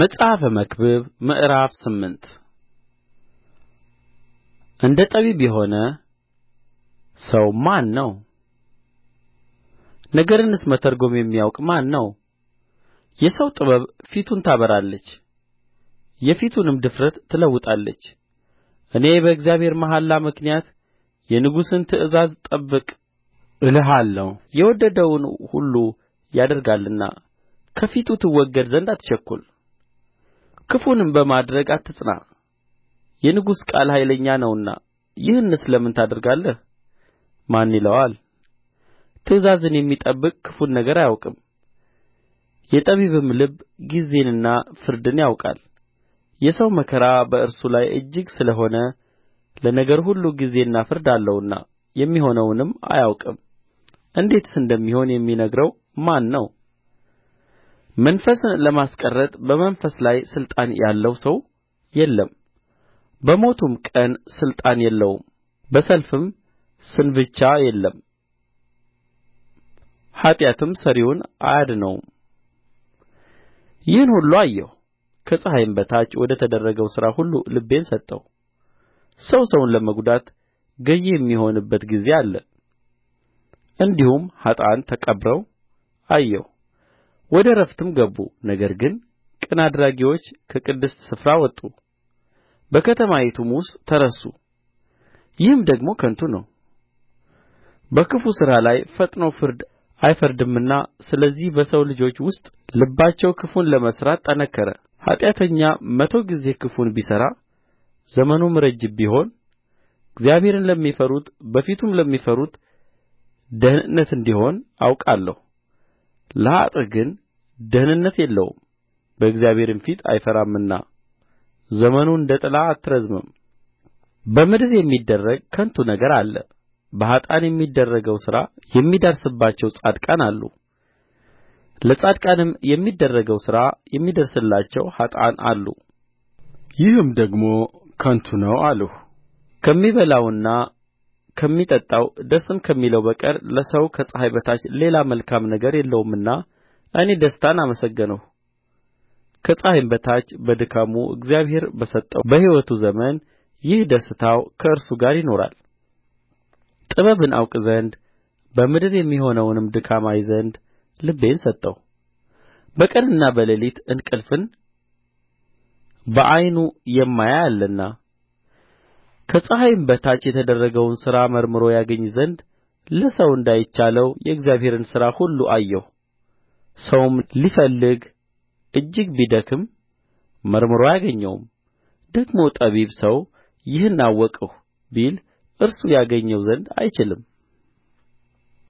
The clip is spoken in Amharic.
መጽሐፈ መክብብ ምዕራፍ ስምንት እንደ ጠቢብ የሆነ ሰው ማን ነው? ነገርንስ መተርጐም የሚያውቅ ማን ነው? የሰው ጥበብ ፊቱን ታበራለች፣ የፊቱንም ድፍረት ትለውጣለች። እኔ በእግዚአብሔር መሐላ ምክንያት የንጉሥን ትእዛዝ ጠብቅ እልሃለሁ። የወደደውን ሁሉ ያደርጋልና ከፊቱ ትወገድ ዘንድ አትቸኵል። ክፉንም በማድረግ አትጽና የንጉሥ ቃል ኃይለኛ ነውና ይህንስ ለምን ታደርጋለህ ማን ይለዋል ትእዛዝን የሚጠብቅ ክፉን ነገር አያውቅም የጠቢብም ልብ ጊዜንና ፍርድን ያውቃል የሰው መከራ በእርሱ ላይ እጅግ ስለ ሆነ ለነገር ሁሉ ጊዜና ፍርድ አለውና የሚሆነውንም አያውቅም እንዴትስ እንደሚሆን የሚነግረው ማን ነው መንፈስን ለማስቀረት በመንፈስ ላይ ሥልጣን ያለው ሰው የለም በሞቱም ቀን ሥልጣን የለውም በሰልፍም ስንብቻ የለም ኃጢአትም ሠሪውን አያድነውም ይህን ሁሉ አየሁ ከፀሐይም በታች ወደ ተደረገው ሥራ ሁሉ ልቤን ሰጠሁ ሰው ሰውን ለመጕዳት ገዢ የሚሆንበት ጊዜ አለ እንዲሁም ኀጥኣን ተቀብረው አየሁ ወደ ዕረፍትም ገቡ ነገር ግን ቅን አድራጊዎች ከቅድስት ስፍራ ወጡ በከተማይቱም ውስጥ ተረሱ ይህም ደግሞ ከንቱ ነው በክፉ ሥራ ላይ ፈጥኖ ፍርድ አይፈርድምና ስለዚህ በሰው ልጆች ውስጥ ልባቸው ክፉን ለመሥራት ጠነከረ ኃጢአተኛ መቶ ጊዜ ክፉን ቢሠራ ዘመኑም ረጅም ቢሆን እግዚአብሔርን ለሚፈሩት በፊቱም ለሚፈሩት ደኅንነት እንዲሆን አውቃለሁ ለኀጥእ ግን ደኅንነት የለውም በእግዚአብሔርም ፊት አይፈራምና ዘመኑ እንደ ጥላ አትረዝምም በምድር የሚደረግ ከንቱ ነገር አለ በኀጥኣን የሚደረገው ሥራ የሚደርስባቸው ጻድቃን አሉ ለጻድቃንም የሚደረገው ሥራ የሚደርስላቸው ኀጥኣን አሉ ይህም ደግሞ ከንቱ ነው አልሁ ከሚበላውና ከሚጠጣው ደስም ከሚለው በቀር ለሰው ከፀሐይ በታች ሌላ መልካም ነገር የለውምና እኔ ደስታን አመሰገንሁ ከፀሐይም በታች በድካሙ እግዚአብሔር በሰጠው በሕይወቱ ዘመን ይህ ደስታው ከእርሱ ጋር ይኖራል ጥበብን አውቅ ዘንድ በምድር የሚሆነውንም ድካም አይ ዘንድ ልቤን ሰጠሁ በቀንና በሌሊት እንቅልፍን በዓይኑ የማያይ አለና ከፀሐይም በታች የተደረገውን ሥራ መርምሮ ያገኝ ዘንድ ለሰው እንዳይቻለው የእግዚአብሔርን ሥራ ሁሉ አየሁ ሰውም ሊፈልግ እጅግ ቢደክም መርምሮ አያገኘውም ደግሞ ጠቢብ ሰው ይህን አወቅሁ ቢል እርሱ ያገኘው ዘንድ አይችልም